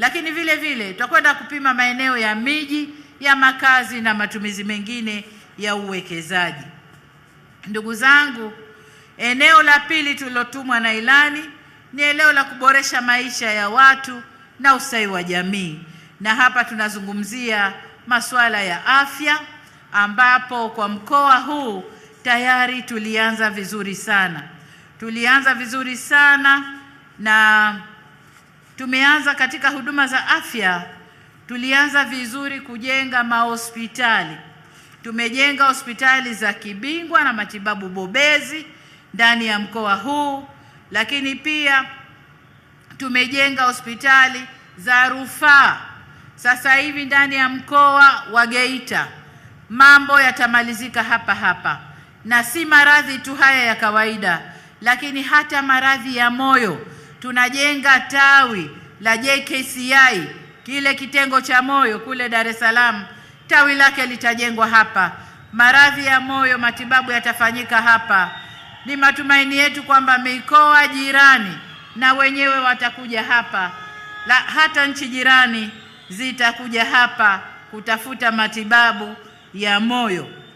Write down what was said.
lakini vile vile tutakwenda kupima maeneo ya miji ya makazi na matumizi mengine ya uwekezaji. Ndugu zangu, eneo la pili tulilotumwa na ilani ni eneo la kuboresha maisha ya watu na ustawi wa jamii, na hapa tunazungumzia masuala ya afya, ambapo kwa mkoa huu tayari tulianza vizuri sana, tulianza vizuri sana na Tumeanza katika huduma za afya, tulianza vizuri kujenga mahospitali. Tumejenga hospitali za kibingwa na matibabu bobezi ndani ya mkoa huu, lakini pia tumejenga hospitali za rufaa sasa hivi ndani ya mkoa wa Geita. Mambo yatamalizika hapa hapa, na si maradhi tu haya ya kawaida, lakini hata maradhi ya moyo tunajenga tawi la JKCI kile kitengo cha moyo kule Dar es Salaam, tawi lake litajengwa hapa. Maradhi ya moyo, matibabu yatafanyika hapa. Ni matumaini yetu kwamba mikoa jirani na wenyewe watakuja hapa la, hata nchi jirani zitakuja hapa kutafuta matibabu ya moyo.